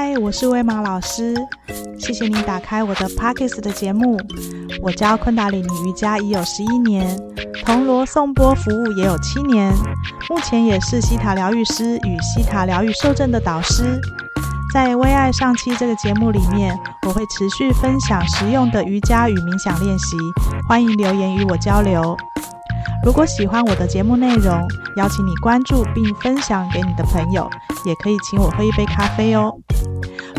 嗨，Hi, 我是葳瑪老師，謝謝你打開我的 Podcast 的節目。我教昆達里尼瑜伽已有十一年，銅鑼頌缽服務也有七年，目前也是希塔療癒師與希塔療癒受證的導師。在葳愛上七這個節目裡面，我會持續分享實用的瑜伽與冥想練習，歡迎留言與我交流。如果喜歡我的節目內容，邀請你關注並分享給你的朋友，也可以請我喝一杯咖啡哦。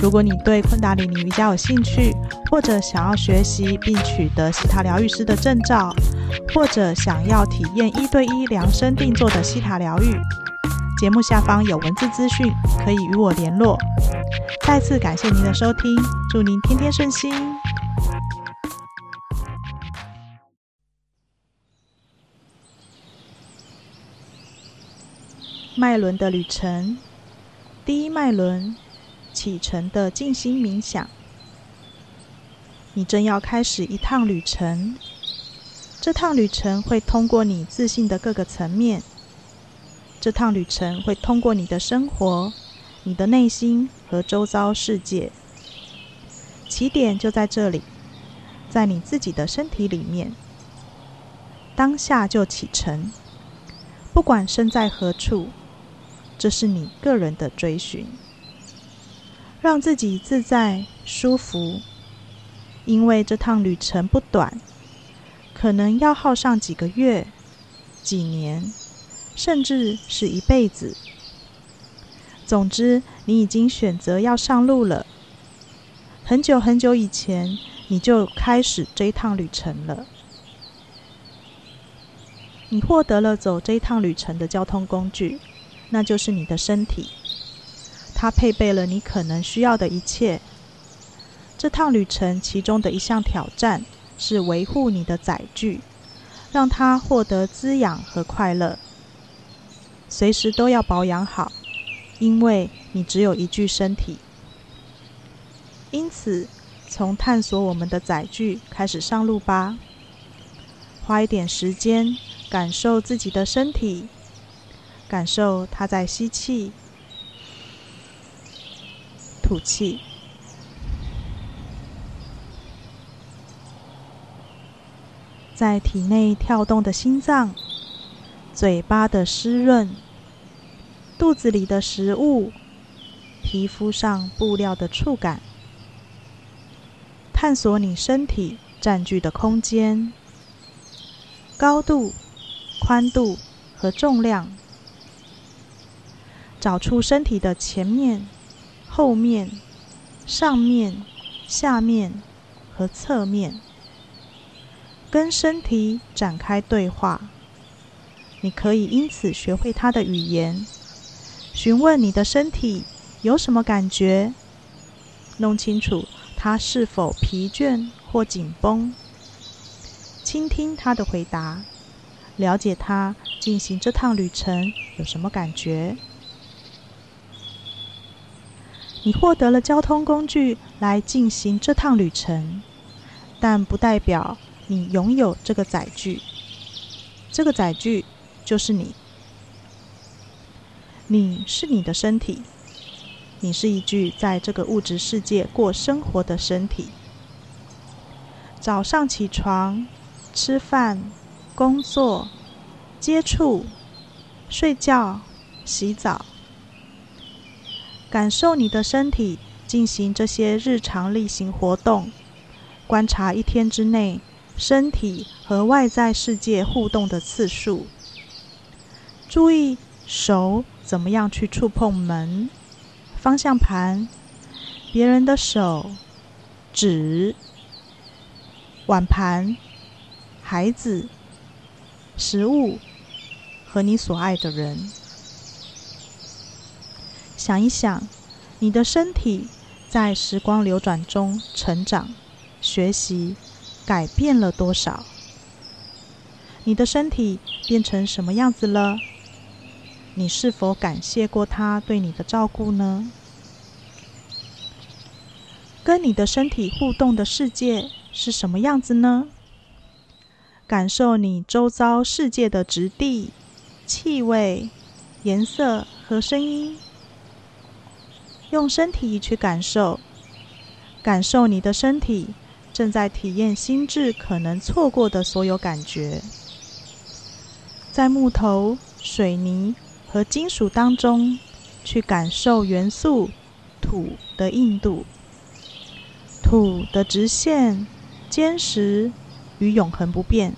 如果你對昆達里尼瑜伽有興趣，或者想要學習並取得希塔療癒師的證照，或者想要體驗一對一量身定做的希塔療癒，節目下方有文字資訊，可以與我聯絡。再次感謝您的收聽，祝您天天順心。脈輪的旅程，第一脈輪。啟程的靜心冥想，你正要開始一趟旅程。這趟旅程會通過你自信的各個層面，這趟旅程會通過你的生活、你的內心和周遭世界。起點就在這裡，在你自己的身體裡面，當下就啟程。不管身在何處，這是你個人的追尋。讓自己自在舒服，因為這趟旅程不短，可能要耗上幾個月、幾年，甚至是一輩子。總之，你已經選擇要上路了。很久很久以前，你就開始這趟旅程了。你獲得了走這趟旅程的交通工具，那就是你的身體。它配備了你可能需要的一切。這趟旅程其中的一項挑戰是維護你的載具，讓它獲得滋養和快樂，隨時都要保養好，因為你只有一具身體。因此，從探索我們的載具開始上路吧。花一點時間感受自己的身體，感受它在吸氣，吐氣，在體內跳動的心臟，嘴巴的濕潤，肚子裡的食物，皮膚上布料的觸感，探索你身體占據的空間、高度、寬度和重量，找出身體的前面、後面、上面、下面和側面，跟身體展開對話。你可以因此學會它的語言，詢問你的身體有什麼感覺，弄清楚它是否疲倦或緊繃，傾聽它的回答，了解它進行這趟旅程有什麼感覺。你獲得了交通工具來進行這趟旅程，但不代表你擁有這個載具。這個載具就是你，你是你的身體，你是一具在這個物質世界過生活的身體。早上起床、吃飯、工作、接觸、睡覺、洗澡。感受你的身體進行這些日常例行活動，觀察一天之內身體和外在世界互動的次數。注意手怎麼樣去觸碰門、方向盤、別人的手、紙、碗盤、孩子、食物和你所愛的人。想一想，你的身體在時光流轉中成長、學習、改變了多少？你的身體變成什麼樣子了？你是否感謝過他對你的照顧呢？跟你的身體互動的世界是什麼樣子呢？感受你周遭世界的質地、氣味、顏色和聲音。用身體去感受，感受你的身體正在體驗心智可能錯過的所有感覺。在木頭、水泥和金屬當中，去感受元素土的硬度、土的直線、堅實與永恆不變。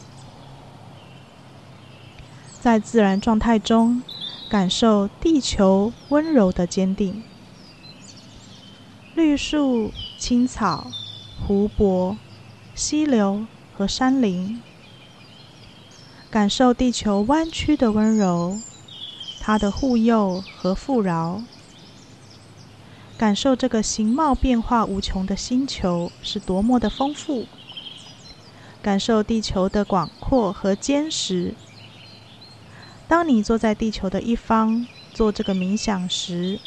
在自然狀態中，感受地球溫柔的堅定。綠樹、青草、湖泊、溪流和山林，感受地球彎曲的溫柔，它的護佑和富饒，感受這個形貌變化無窮的星球是多麼的豐富，感受地球的廣闊和堅實。當你坐在地球的一方做這個冥想時。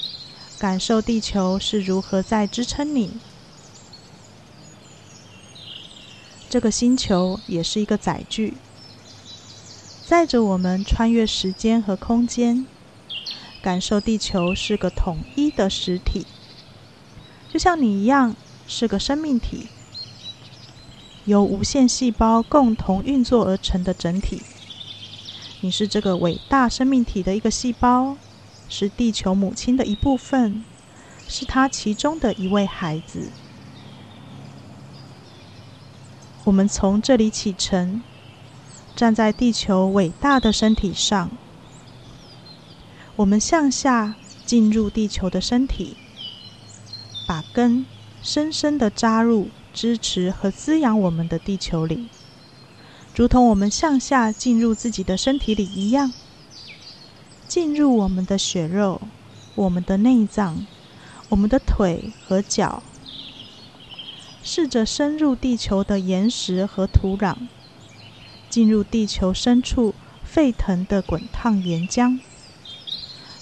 感受地球是如何在支撐你。這個星球也是一個載具，載着我們穿越時間和空間。感受地球是個統一的實體，就像你一樣，是個生命體，由無限細胞共同運作而成的整體。你是這個偉大生命體的一個細胞。是地球母親的一部分，是她其中的一位孩子。我們從這裡啟程，站在地球偉大的身體上。我們向下進入地球的身體，把根深深的扎入支持和滋養我們的地球裡，如同我們向下進入自己的身體裡一樣。進入我們的血肉、我們的內臟、我們的腿和腳，試着深入地球的岩石和土壤，進入地球深處沸騰的滾燙岩漿，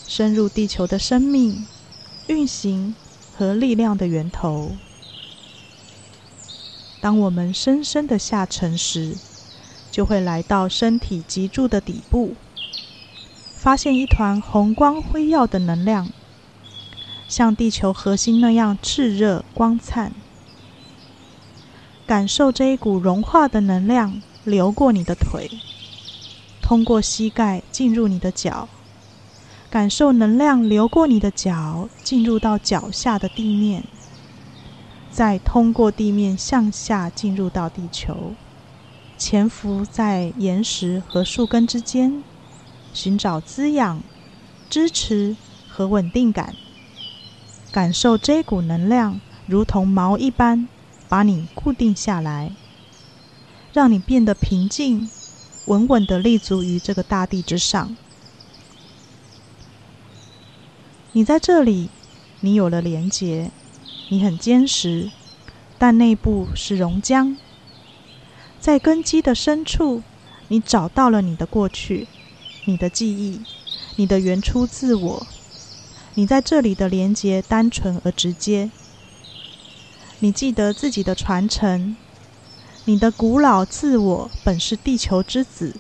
深入地球的生命、運行和力量的源頭。當我們深深的下沉時，就會來到身體脊柱的底部。發現一團紅光輝耀的能量，像地球核心那樣熾熱光燦。感受這一股融化的能量流過你的腿，通過膝蓋進入你的腳，感受能量流過你的腳，進入到腳下的地面，再通過地面向下進入到地球，潛伏在岩石和樹根之間。尋找滋養、支持和穩定感，感受這一股能量如同錨一般把你固定下來，讓你變得平靜、穩穩的立足於這個大地之上。你在這裡，你有了連結，你很堅實，但內部是熔漿。在根基的深處，你找到了你的過去。你的記憶，你的原初自我，你在這裡的連接單純而直接。你記得自己的傳承，你的古老自我本是地球之子，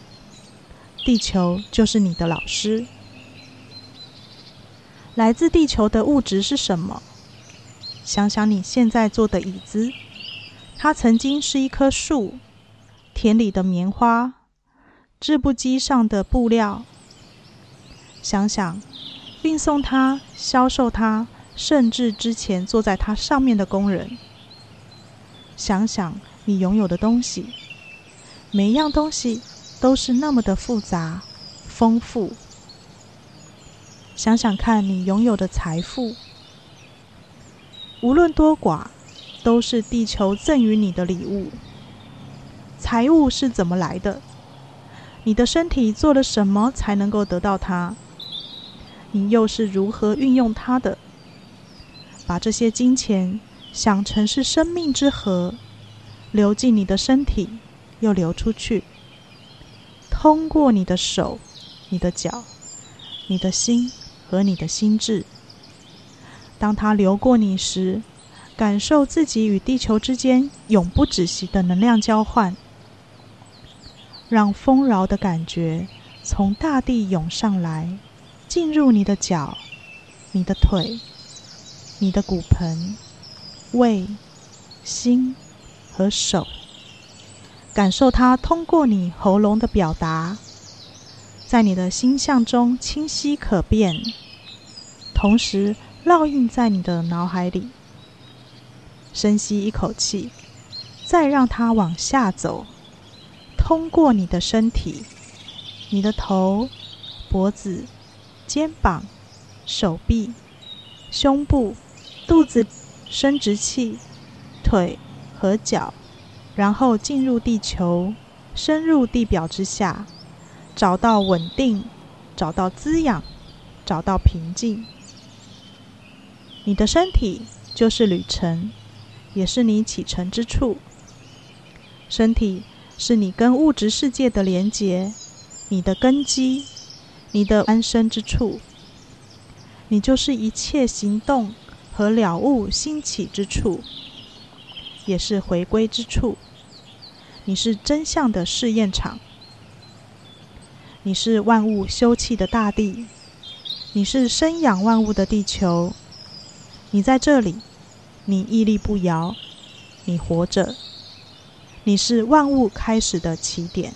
地球就是你的老師。來自地球的物質是什麼？想想你現在坐的椅子，它曾經是一棵樹，田裡的棉花，織布機上的布料，想想，運送它、銷售它，甚至之前坐在它上面的工人。想想你擁有的東西，每一樣東西都是那麼的複雜、豐富。想想看你擁有的財富，無論多寡，都是地球贈予你的禮物。財物是怎麼來的？你的身體做了什麼才能夠得到它？你又是如何運用它的？把這些金錢想成是生命之河，流進你的身體，又流出去。通過你的手、你的腳、你的心和你的心智，當它流過你時，感受自己與地球之間永不止息的能量交換。讓豐饒的感覺從大地湧上來，進入你的腳、你的腿、你的骨盆、胃、心和手，感受它通過你喉嚨的表達，在你的心象中清晰可辨，同時烙印在你的腦海裡。深吸一口氣，再讓它往下走。通過你的身體，你的頭、脖子、肩膀、手臂、胸部、肚子、生殖器、腿和腳，然後進入地球，深入地表之下，找到穩定，找到滋養，找到平靜。你的身體就是旅程，也是你啟程之處。身體。是你跟物質世界的連接，你的根基，你的安身之處。你就是一切行動和了悟興起之處，也是回歸之處。你是真相的試驗場，你是萬物休憩的大地，你是生養萬物的地球。你在這裡，你屹立不搖，你活着。你是萬物開始的起點。